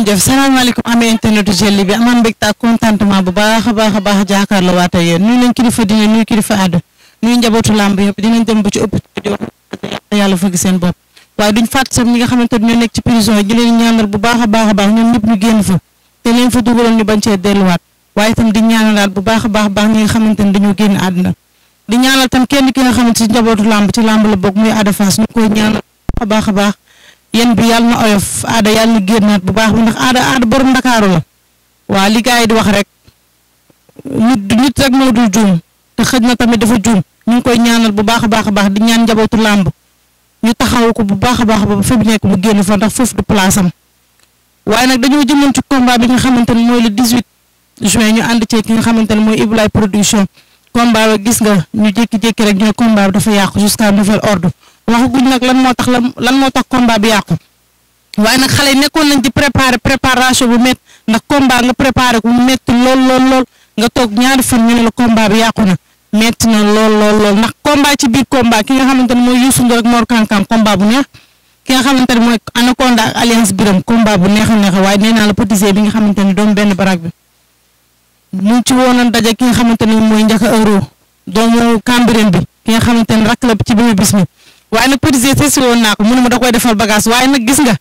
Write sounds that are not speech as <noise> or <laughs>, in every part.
ngeen jëf salaamaaleykum amee internet jelli bi amaan mbégte ak contentement bu baax a baax a baax jàkkaarloo waat ak yéen nuyu leen kilifa diine nuyu kilifa àddu nuyu njabootu làmb yëpp dinañ dem ba ci seen bopp waaye duñ fàtt sax ñi nga xamante ne ñoo nekk ci prison yi ñu bu baax a baax a baax ñoom ñëpp ñu génn fa te leen fa dugaloon ñu bañ cee delluwaat waaye itam di ñaanalaat bu baax a baax baax ñi nga xamante ne dañoo génn àdduna di ñaanal tam kenn ki nga xamante ci njabootu làmb ci làmb la bokk muy Ada Fass ñu koy ñaanal baax a baax yéen bi yàlla na oyof aada yàlla na génnaat bu baax bi ndax aada aada borom ndakaaru la waa li yi di wax rek nit nit rek moo dul juum te xëj na tamit dafa juum ñu ngi koy ñaanal bu baax a baax a ñaan njabootu làmb ñu taxaw ko bu baax a baax ba fi mu nekk mu génn fa ndax foofu du place am waaye nag dañoo jëmoon ci combat bi nga xamante ne mooy le 18 juin ñu ànd ci ki nga xamante ne mooy Iblaye production combat ba gis nga ñu jékki-jékki rek ñu ne combat dafa yàqu jusqu'à nouvel ordre waxaguñ nag lan moo tax lan moo tax combat bi yàqu waaye nag xale yi nekkoon nañ ci préparer préparation bu métti ndax combat nga préparé ko mu métti lool lool lool nga toog ñaari fan ñu ne la combat bi yàqu na métti na lool lool ndax combat ci biir combat ki nga xamante ne mooy Youssou Ndour ak Mor Kankam combat bu neex ki nga xamante ne mooy Anaconda ak Alliance Birame combat bu neex a neex waaye nee naa la Patisen bi nga xamante ne doom benn baraag bi mu ci woonoon daje ki nga xamante ne mooy Ndiaka Euro doomu Cambérène bi ki nga xamante ne rakk la ci biir bis mi waaye nag Petit G woon naa ko mënuma da koy defal bagage waaye nag gis nga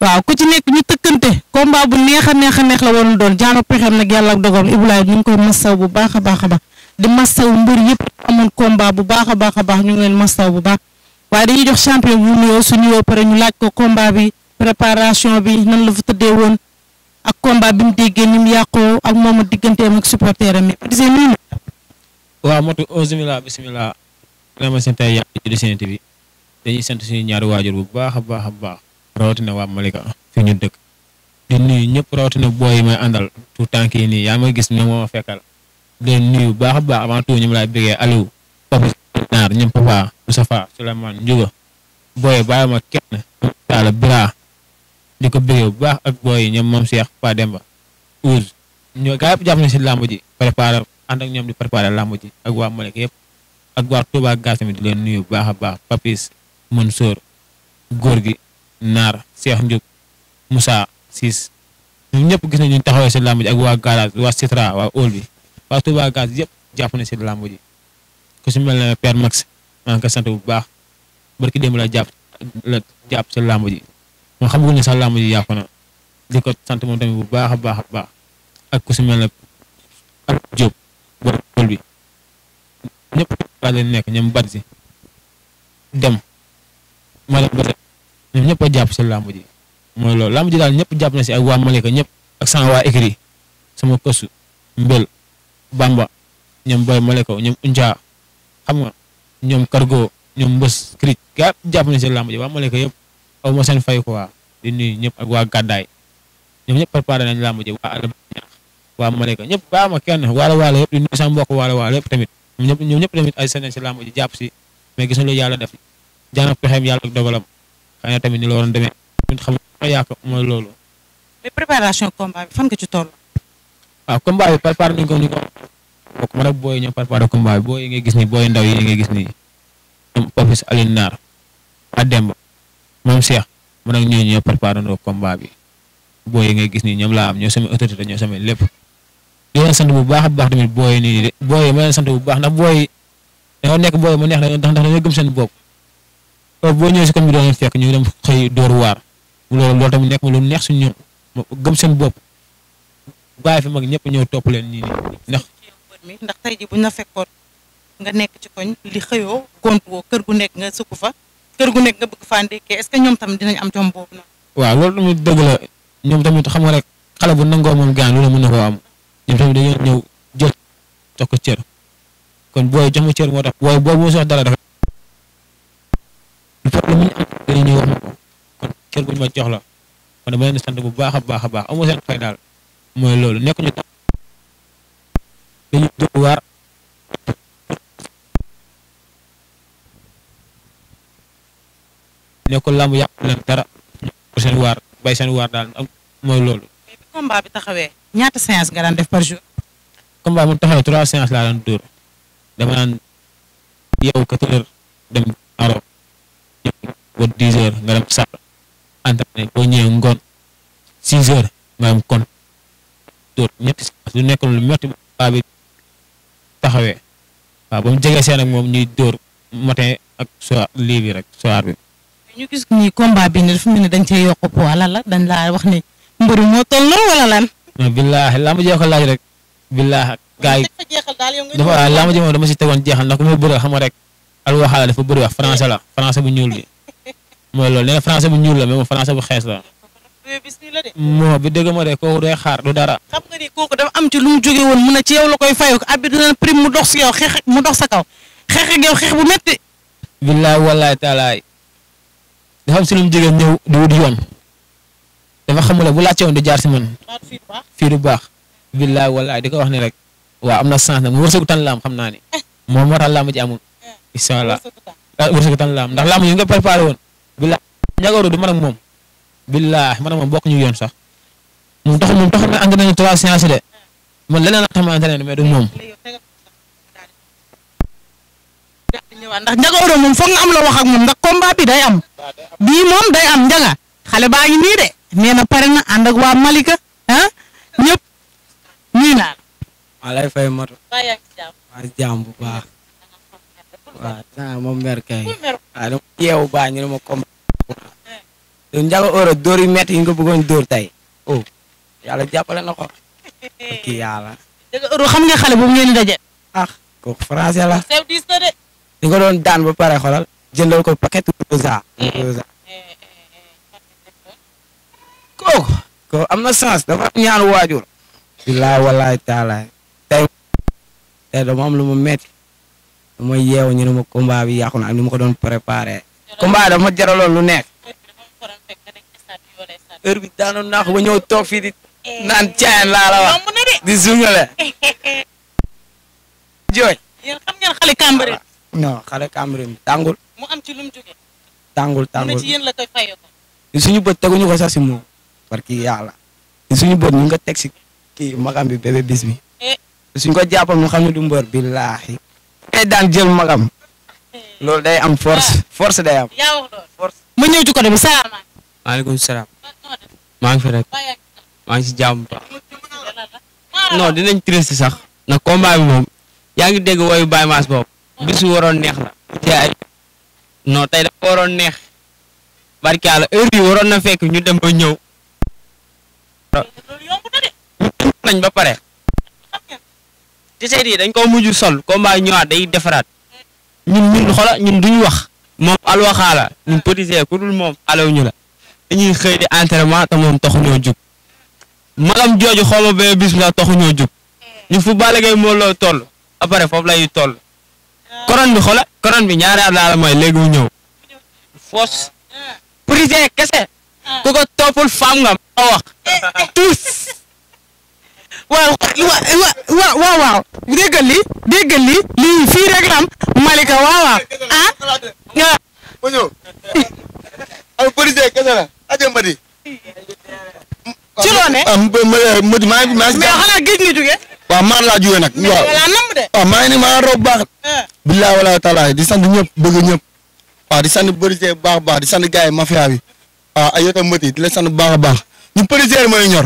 waaw ko ci nekk ñu tëkkante combat bu neex a neex a neex la waroon doon jaano pexeem nag yàlla dogoom Ibulaay ñu ngi koy bu baax a baax a baax di masaw mbër yëpp amoon combat bu baax a baax a baax ñu ngi leen masaw bu baax waaye dañuy jox champion bu nuyoo su nuyoo pare ñu laaj ko combat bi préparation bi nan la fa tëddee woon ak combat bi mu déggee ni mu yàqoo ak moom a digganteem ak supporter am yi Petit G nuyu na. waaw motu auzu bilaahi bismillah. dañuy sant suñu ñaari waajur bu baax a baax a baax rawatina waa Malika fi ñu dëkk di nuyu ñëpp rawatina booy may àndal tout temps kii nii yaa ma gis ñoom moo ma fekkal di nuyu baax a baax avant tout ñoom laay bëggee alu Papa Naar ñëpp Papa Moustapha Souleymane Ndiouga booy bàyyi ma kenn taala bira di ko bëggee bu baax ak booy ñoom moom Cheikh Pa Demba Ouz ñoo gaa yëpp jàpp na si làmb ji préparé ànd ak ñoom di préparé làmb ji ak waa Malika yëpp ak waa Touba Gassami di leen nuyu bu baax a baax Papis Mansour góor gi naar Cheikh Ndiop Moussa Ciss ñoom ñëpp gis nañu taxawee si làmb ak waa garage waa Citra waa Old waa Touba garage yëpp jàpp na si làmb ji ku si mel na Père Max bu baax barki démb jàpp la si làmb ji moom xamagul sax làmb ji yàqu na sant moom tamit bu baax a baax a baax ak ku si mel ne Al Diop borom Old bi ñëpp daal di nekk ñoom Badji dem. Malika Bese ñoom ñëpp a jàpp si làmb ji mooy loolu làmb ji daal ñëpp jàpp na si ak waa Malika ñëpp ak sama waa écrit sama kosu mbel Bamba ñoom Boy Malika ñoom Unja xam nga ñoom Cargo ñoom Mbës Cric gaa jàpp na si làmb ji waa Malika yëpp ma seen fay quoi di ak waa Gàddaay ñoom ñëpp préparé nañ làmb ji waa Alba Ñaax waa Malika ñëpp baa ma kenn waala waala yëpp di nuyu sama mbokk waala waala yëpp tamit ñoom ñëpp tamit ay seen si làmb jàpp si mais gis nga lu yàlla def jaanam pexeem yàlla ak dogalam xëy na tamit ni la waroon demee ñun xam nga yàq mooy loolu. mais ci toll. waaw combat bi préparé nañ ko ni ko bokk man ak booy gis nii booy ndaw yi ngay gis nii ñoom office Alioune Naar waa Demba moom Cheikh man ak ñooñu ñoo préparé nañ booy yi ngay gis nii ñoom laa am ñoo samay autorité ñoo samay lépp. di leen sant bu baax a baax tamit booy yi nii de booy ma leen sant bu baax ndax booy na dañoo nekk booy mu neex ndax dañoo gëm seen bopp. Euh, boo ñëwee si koñ bi doo leen fekk ñu ngi dem xëy door waar loolu loolu tamit nekk ma lu neex suñ ñoom mag ñëpp ñëw topp leen nii ndax. ndax tey ji bu ñu la nekk ci koñ li xëyoo gontoo kër gu nekk nga sukk fa kër gu nekk nga bëgg ce que ñoom tamit dinañ am jom boobu noonu. waaw loolu tamit dëgg la ñoom tamit xam nga rek xale bu nangoo moom gaan loolu mën na koo am ñoom tamit dañoo ñëw jël jox ko cër kon booy jox ma cër moo tax booy boobu moo sox dara dafa ma jox la kon dama leen sant bu baax a baax a baax amoo seen fay daal mooy loolu nekk ñu dañu jóg waar nekku lamb yàq leen dara ñu seen waar bay seen waar daal am mooy loolu. combat bi taxawee ñaata séance nga daan def par jour. combat mu taxawee trois séances laa daan dóor dama naan yow quatre heures dem aro ba dix heures nga dem ma boo ñëwee ngoon six heures nga am kon dóor ñetti nekk lu métti paa bi taxawee waaw ba mu jege seen ak moom ñuy dóor matin ak soir lii bi rek soir bi. ñu gis ni combat bi ne dafa mel ne dañ cee yokk poids la dañ laa wax ne mbër yi moo toll wala lan. non billaahi laa ma jeexal laaj rek billaahi gaa yi dafa jeexal dama si tegoon jeexal ndax ku ma bëri xam dafa bëri wax français la français bu ñuul bi. mooy loolu nee na français bu ñuul la mais moom français bu xees la. moo bi dégg ma de kooku day xaar du dara. dafa am ci lu mu jóge woon mun na ci yow la koy fayoo ko abbi dina prime mu dox si yow xeex mu dox sa kaw xeex ak yow xeex bu métti. billaay wallaay taalaay. dafa am si lu mu jóge ñëw di wut yoon. dafa xamul bu laajte woon di jaar si man. fii du baax. billaay wallaay di ko wax ne rek. waa am na sens nag mu wërsëgu tan laam xam naa ni. Eh. moom moo tax laam ji amul. Eh. incha allah wërsëgu tan ah, laam bila njagooru du man ak mom billaah man ak moom bokk ñu yoon sax moom tax moom tax na ànd nañu trois séances de man leneen la tax ma ànd mais du moom ndax njagooru moom foog nga am la wax ak moom ndax combat bi day am bii moom day am njaga xale baa ngi na ak Malika ah ñëpp ñuy naa. maa fay matu. maa bu baax. waaw dinaa ma mer kay waaw dama yeewu baa ñu ne ma combat du njaga euro dóor yu métti yi nga bëggoon dóor tey oh, yàlla jàppale na ko kii yàlla njaga euro xale boobu ngeen daje ah kooku français la di nga doon daan ba pare xolal jëndal ko paquet rosa rosa kooku am na chance dafa ñaan waajur billaahi wallaahi taala tey tey lu mu métti dama yew ñu ne ma combat bi yàqu na ak ni ma ko doon préparer combat dama jaral lu nekk. heure bi daanoon naa ko ba ñëw toog di nan caayan la la wax di zungale. <laughs> joy yeen xam ngeen xali cambre non xali cambre tangul mu am ci lu mu tangul tangul tangul ci yeen la koy fayeko suñu bëtt tagu ñu ko sax ci mo barki que yàlla. suñu bëtt ñu nga tek ci ki magam bi bébé bis bi. Eh. suñ ko jàppal ñu xam ni du mbeur billahi kay daan jël magam loolu day am force ah. force day am. ma ñëw ci côté bi salaam. maaleykum maa ngi fi rek. maa ngi si jàmm ba. dinañ triste sax. na combat bi moom. yaa ngi dégg woyu Baye Mass boobu. bisu waroon neex la. jaay non tey dafa waroon neex. barke Yàlla heure yi waroon na fekk ñu dem ba ñëw. nañ ba pare. tiseet yi dañ koo mujj sol combat ñëwaat day defaraat ñun ñun xola ñun duñu wax moom alwaxaala ñun Petit ku dul moom alaw ñu la dañuy xëy di entraînement te moom taxuñoo jub magam jooju xooma ba bis la taxuñoo jub ñu fu Balla Gaye moo loo toll après foofu lay toll koron bi xola koron bi ñaar at laa la mooy ñëw foos Petit kese ku ko toppul faam nga ma wax waaw waaw waaw waaw déggal li déggal li lii fii rek la am Malika waaw waaw ah. ma ñëw. am policier kese la aje Madi. ci loonee. ah Madi maa ngi maa ngi. mais xanaa géej nga jógee. waaw maa laa jógee nag. waaw waaw maa ngi ni maa rob baax. Ah. billahi walaay talaay di sant ñëpp bëgg ñëpp. waaw di sant policier bu baax a baax di sant gars yi mafia bi. waaw ay yota Madi di la sant bu baax a baax ñu policier mooy ñor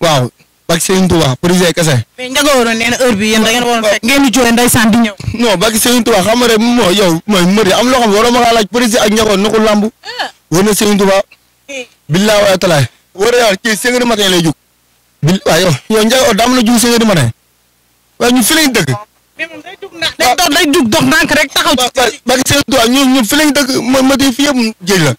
waaw. Barke Serigne Touba projet kese. mais Ndiago waroon nee na heure bi yéen da ngeen waroon fekk ngeen di jooy ndeysaan di ñëw. non Barke Serigne Touba xam nga rek mooy yow mooy mbër am loo xam waroon ma laa laaj projet ak Ndiago nu ko lamb. Ah. war eh. wa taala. ma ma tey fii yëpp jéeg la.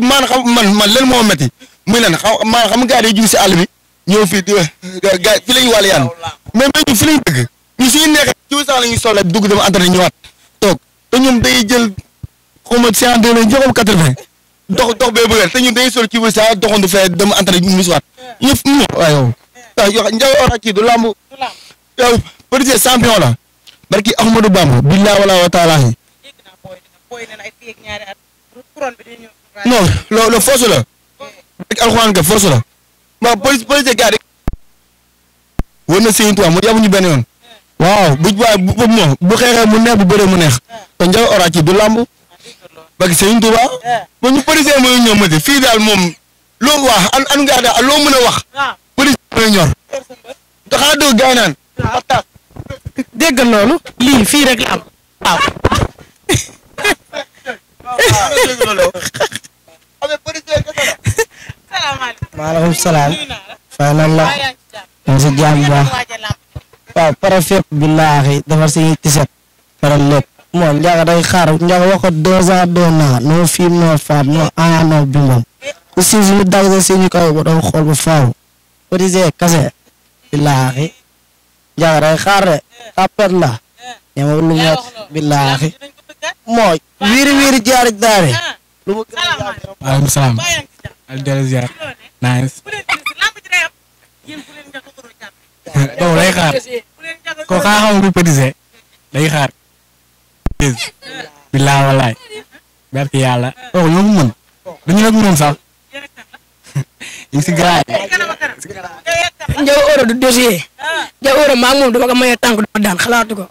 man xam moo métti muy lan xam xam nga gars yi jug si àll bi ñëw fii di gars fi la yaan mais mais ñu fi lañ dëgg ñu suñu neexee ci sax la ñuy sonn dugg dama entraîné ñëwaat toog te ñoom day jël xaw ma séance de lañ joxam quatre vingt dox dox bee bëgg te ñun dañuy sol ci sax doxandu fee dem entraîné ñu misuwaat ñëpp ñu waaw yow waaw yow Ndiaye Aura kii du lamb yow petit champion la barki Ahmadou Bamba billaa wala wa taala yi non force la barki alxuraan ga force la ma police police gars yi. war na Serigne Touba mu yabuñu benn yoon. waaw bu waaye bu xeexee mu neex bu bëree mu neex. te Ndiaye du lamb. parce que Serigne Touba. mooy ñoom fii daal moom loo wax an an daal loo mën a wax. Ah. police mooy ñor. te xanaa doo gaay naan. Ah. loolu. lii fii rek <laughs> <laughs> maaleykum salaam. waaw nan la. ñu si jaam bu baax. waaw pare fépp billaahi defar si tiset. pare lépp moom Ndiaga day xaar Ndiaga wax ko deux ans deux noo fiim noo faat noo aaya noo ku si suñu dawse si ñu kaw ba doon xool ba faaw. cotisé kase. billaahi. Ndiaga day xaar de. tapet la. ñama lu mu wax billaahi. wiiri wiiri jaar daare. lu mu gën salaam. al ziar nice yow day xaar kau kaa xaw bi pétise day xaar billaa walaay barki yàlla oh ñoo ko mën dañu rek mën sax ñu si gaay jauh orang du dossier njaw oro maa moom dama ko maye tànk dama daan xalaatu ko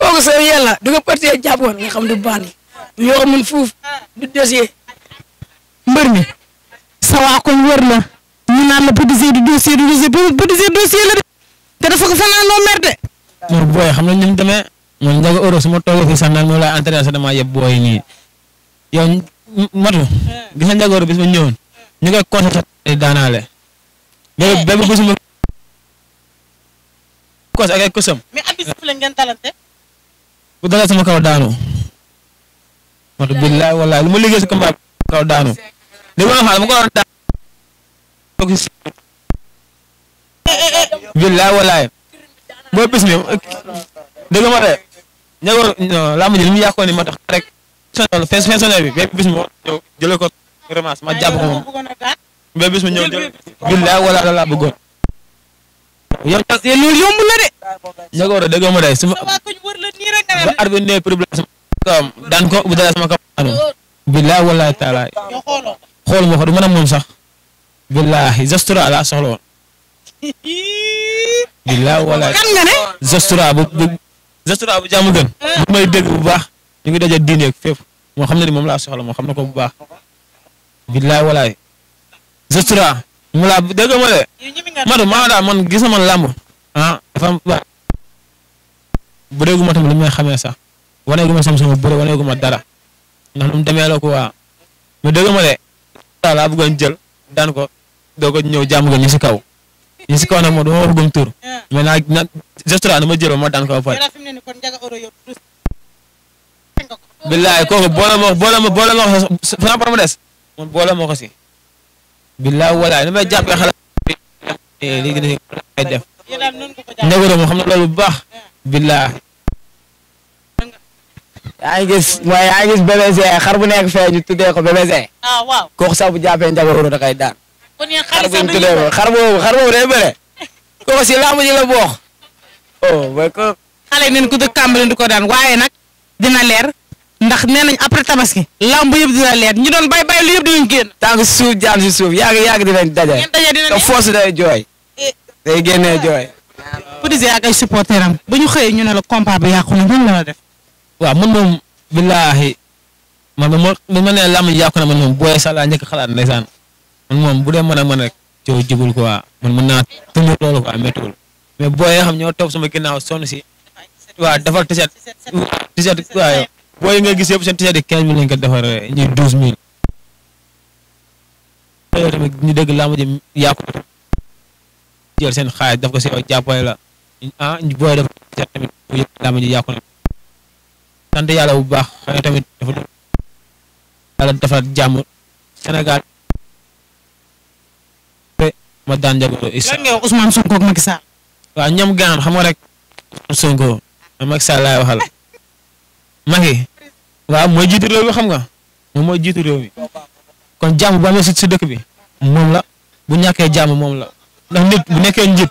kooku soo yàlla du ko porté jàppoon nga xam du bànni ñoo ko mën fuuf du waa koñ wër na ñu naan la produisé du dossier du dossier produisé dossier la de te dafa ko fanaanoo mer de. ñoom booy xam nañ ni mu demee man Ndiago euro su ma toogee fii sax naan moom laay entraîné sax damaa yeb booy nii yow matu gis nga Ndiago euro bis ma ñëwoon ñu koy constaté daanaale. léegi bépp bés ma. kos ak ay kosam. mais abis fu la ngeen dalante. bu dalee sama kaw daanu. matu billaay wallaay lu ma liggéey combat kaw daanu. léegi woon xaalis mu ko waroon daal. billaay walaay boo bis mi dëgg ma de ñagor làmb ji li mu yàqoon ni ma tax rek sonal fin fin sonal bi bépp bis mi ñëw jëlee ko remas ma jàpp ko moom bépp bis mi ñëw jël billaay walaay la laa bëggoon yow loolu yomb la de ñagor dëgg ma de suma ba arbi ne problème sama daan ko bu dara sama kam billaay walaay taalaay xol mo ko du mën a sax billahi zastura ala soxlo won billahi wala kan nga ne bu zastura bu jamu gën bu may deg bu baax ñu ngi daja diine ak fépp mo xamna ni mom la soxlo mo xamna ko bu baax billahi wala zastura mu mo le ma do ma da man gis na man lamb ah fam ba bu déggu ma tamit li may sax waneegu ma sama sama bëre waneegu ma dara ndax nu mu demee la ko waa mu dégg ma ta laa bëggoon jël daan ko doo ko ñëw jàmm nga ñu si kaw ñu si kaw nag moom dama wax bëggoon tur ah. mais nag nag gestion dama jël ma daan ko ba pare billaay kooku boole ma boole ma boole a ko si sama des moom boole ma ko si billaay walaay ni may jàppee xalaat eh, léegi def ñëgoro moom xam na loolu bu baax ah. billaay yaa ngi gis mooy yaa ngi bu nekk fee ñu ko BBC. ah waaw kooku sax bu jàppee njaboot koy daan. kon yéen xar bu ñu tuddee ko xar boobu ko. Oh, xale yi di ko daan waaye nag dina leer ndax nee nañ après tabaski. làmb yëpp dina leer ñu doon bay bay lu yëpp dinañ génn. tànk suuf jaan si suuf yàgg yàgg dinañ daje. ngeen daje dinañ te force day jooy. Eh. day génnee jooy. Petit Zé ak ay bu ñu xëyee ñu ne la combat bi yàqu na ñun la def waa man moom billaahi man ma ma nee mën ji yàqu na man moom booyee sax laa njëkk xalaat ndeysaan man moom bu dee mën a mën rek coow ko quoi man mën naa tënk loolu quoi méttiwul mais booyee xam ñoo toog sama ginnaaw sonn si waaw defar tiset waaye booy nga gis yëpp seen tiset yi quinze mille lañ ko defar ñuy douze mille yow tamit ñu ji yàqu seen xaalis daf ko si yow jàppale la ah na sant yàlla bu baax xëy tamit dafa yàlla defal jàmm Sénégal ma daan jagoro isa lan ngay wax Ousmane Sonko ak Macky ñam gaan xam nga rek Ousmane Sonko Macky Sall laay waxal Macky waaw mooy jiitu réew mi xam nga moom mooy jiitu réew mi kon jàmm bu amee si dëkk bi moom la bu ñàkkee jàmm moom la ndax bu nekkee njit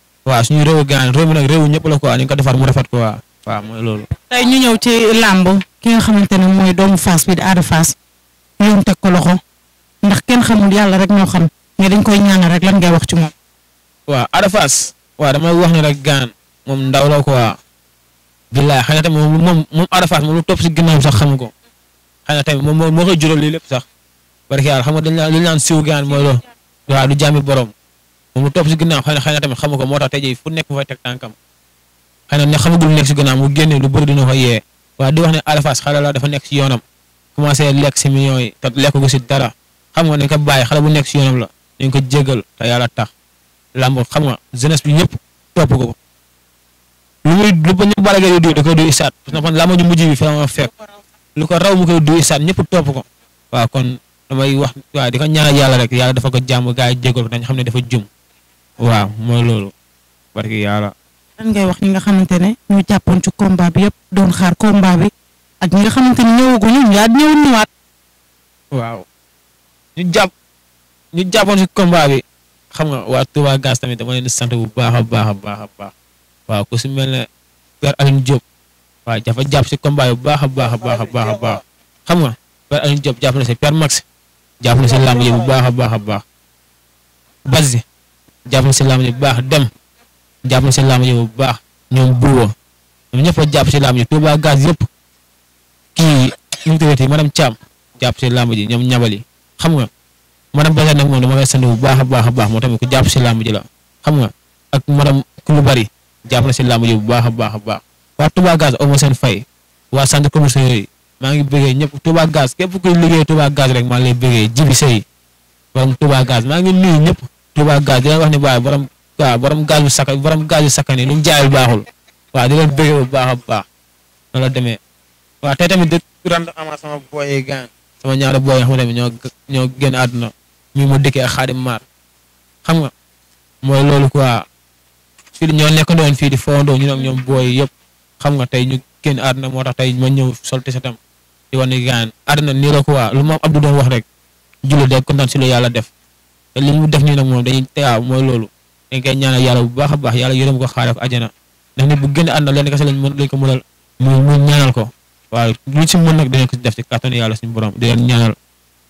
waaw suñu réewu gaan réew mi nag réewu ñëpp la quoi ñu ngi ko defar mu rafet quoi waaw mooy loolu. tey ñu ñëw ci làmb ki nga xamante ne mooy doomu Fass bi di Ada Fass yoon teg ko loxo ndax kenn xamul yàlla rek ñoo xam mais dañ koy ñaanal rek lan ngay wax ci moom. waaw Ada Fass waaw wax ne rek gaan moom ndaw la quoi. billaay xëy na tamit moom moom moom Ada Fass moom lu topp si ginnaaw sax xam ko xëy na tamit moom moo koy jural lii lépp sax barke yàlla xam nga dañ naan dañ naan siiw gaan mooy loolu waaw du jàmmi boroom mu topp si ginnaaw xëy na xëy na tamit xamu ko moo tax tey jii fu nekk mu fay teg tànkam xëy na si ginnaaw mu génne lu bëri dina di wax ne Ada Fass xale la dafa nekk si yoonam commencé lekk si yi lekk ko si dara xam nga nañ ko bàyyi xale bu nekk si yoonam la ko jégal te yàlla tax làmb xam nga jeunesse bi ñëpp topp ko lu muy lu ba ñëpp balagee di da koy duy isaat parce que man làmb ju ko raw mu koy duy isaat ñëpp topp ko waaw kon damay wax waaw di ko ñaanal yàlla rek yàlla dafa ko jàmm gars yi jégal ko dañ xam ne dafa jum waaw mooy loolu. barki yàlla. lan ngay wax ñi nga xamante ne ñu jàppoon ci combat bi yëpp doon xaar combat bi ak ñi nga xamante ne ñëwaguñu yaa ñëw ñëwaat. waaw ñu jàpp ñu jàppoon ci combat xam nga waa Touba Gaz tamit dama leen di sant bu baax a baax baax a baax waaw ku si mel ne Père Alioune Diop dafa jàpp ci combat bi bu baax a baax a baax a baax a baax xam nga Père Alioune Diop jàpp na si Max jàpp na si làmb yi bu baax a baax a baax. jàpp na si làmb ji bu baax dem jàpp na si làmb bu baax ñoom buuba ñoom ñëpp a jàpp si làmb ji Touba gaz yëpp kii ñu tuddati madame Thiam jàpp si làmb ji ñoom ñabali xam nga madame Badiane nag moom dama koy sant bu baax a baax a baax moo tamit ku jàpp si làmb ji la xam nga ak madame Coulibaly jàpp na si làmb bu baax a baax a baax waa Touba gaz amoo seen fay waa centre commercial yooyu maa ngi bëggee ñëpp Touba gaz képp kuy liggéey Touba gaz rek maa ngi lay bëggee jibi sëy borom Touba gaz maa ngi nuyu ñëpp Touba Gaz di leen wax ne waaye borom waaw borom gaz bu sakka borom gaz bu sakka nii lu mu jaayul baaxul waa di leen bëgg bu baax a baax noonu la demee waaw tey tamit de rendre ama sama booyee gaan sama ñaari booy ñoo ñoo génn àdduna ñu ma dëkkee ak Xaadim nga mooy loolu ñoo nekk doon fii di foondoo ñu ak yëpp xam nga tey ñu génn àdduna moo tax tey ma ñëw solti sa tam di wane gaan àdduna nii ko quoi lu moom Abdou doon wax rek julli day kontaan si lu yàlla def. li mu def nii nag moom dañuy te waaw mooy loolu dañ koy ñaanal yàlla bu baax a baax yàlla yërëm ko xaaral ko àjjana ndax nit bu gën a àndal lenn kese lañ mën lañ ko mënal muy muy ñaanal ko waaw lu ci mën nag dinañ ko ci def ci kàttanu yàlla suñu borom di leen ñaanal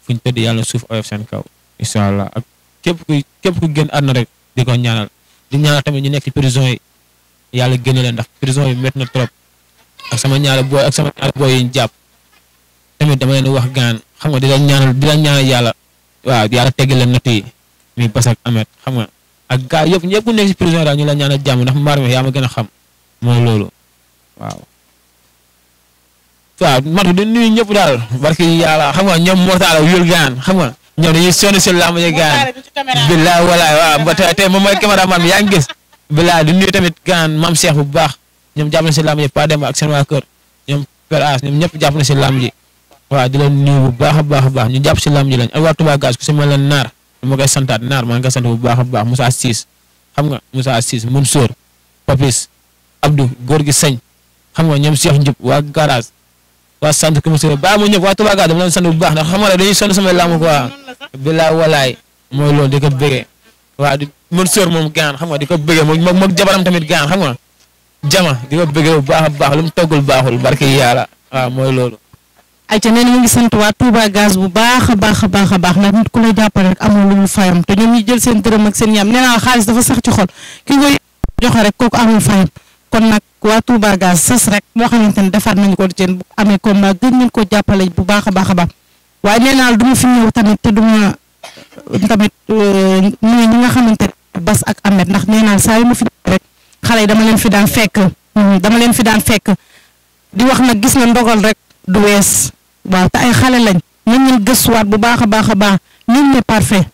fuñ tëdd yàlla suuf oyof seen kaw incha allah ak képp ku képp ku gën àdduna rek di ko ñaanal di ñaanal tamit ñu nekk ci prison yi yàlla génne leen ndax prison yi métti na trop ak sama ñaari booy ak sama ñaari booy yi ñu jàpp tamit dama leen wax gaan xam nga di la ñaanal di la ñaanal yàlla waaw yàlla tegge leen natt yi muy bas ak amet xam nga ak gars yëpp ñëpp ku nekk si prison daal ñu la ñaanal jàmm ndax mbaar mi yaa ma gën a xam mooy loolu waaw. waaw Matu di ñëpp daal barki yàlla xam nga ñoom Mortala wiyul gaan xam nga ñoom dañuy sonn si làmb yi gaan billaay walaay waaw ba tey tamit gaan maam Cheikh bu baax ñoom jàpp na si làmb yi Pa Demba ak seen waa kër ñoom Père As ñëpp jàpp na si làmb ji wa di leen nuyu bu baax baax baax ñu japp ci lam ji lañ ak eh, waa Touba Gaz ku si mel dama koy santaat naar maa sant bu baax baax musa assis xam nga assis mun sor Papis Abdou gor gi Sëñ xam nga ñam Cheikh Ndiop wa garage wa sant ko musa ba ma ñëpp waa Touba Gaz dama leen sant bu baax ndax xam nga dañuy sant sama lam quoi bilaa walay moy lool diko ko wa di mun sor mom gaan xam nga diko ko mo mo jabaram tamit gaan xam nga jama diko ko bu baax baax lu mu toggul baaxul barki yaala waaw moy lool ay ca nee ngi sant waa Touba gaz bu baax a baax a baax a baax ndax nit ku lay jàppale rek amul lu ñu fayam te ñoom ñu jël seen dërëm ak seen yam nee naa xaalis dafa sax ci xol ki koy joxe rek kooku amul fayam kon nag waa Touba gaz sës rek moo xamante ne defaat nañu ko seen bu amee kon nag gën ngeen ko jàppale bu baax a baax a baax waaye nee naa du ma fi ñëw tamit te du ma euh, tamit euh, ñi nga xamante Bas ak amet ndax nee naa saa yu ma fi rek xale yi dama leen fi daan fekk hmm, dama leen fi daan fekk di wax nag gis na ndogal rek du wees waaw te ay xale lañ ñu gëss waat bu baax a baax a baax ñun ñu parfait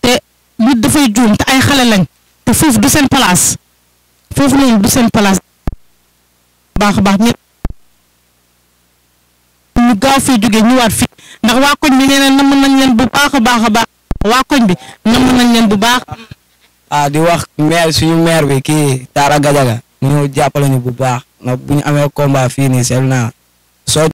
te nit dafay juum te ay xale lañ te foofu du seen place foofu noonu du seen place baax a baax ñëpp ñu gaaw fii jógee ñëwaat fii ndax waa koñ bi nee na namm nañ leen bu baax a baax a baax waa koñ bi namm nañ leen bu baax. ah di wax maire suñu maire bi kii Tara Gadiaga ñu ñëw jàppale ñu bu baax ndax bu ñu amee combat fii nii sel naa soo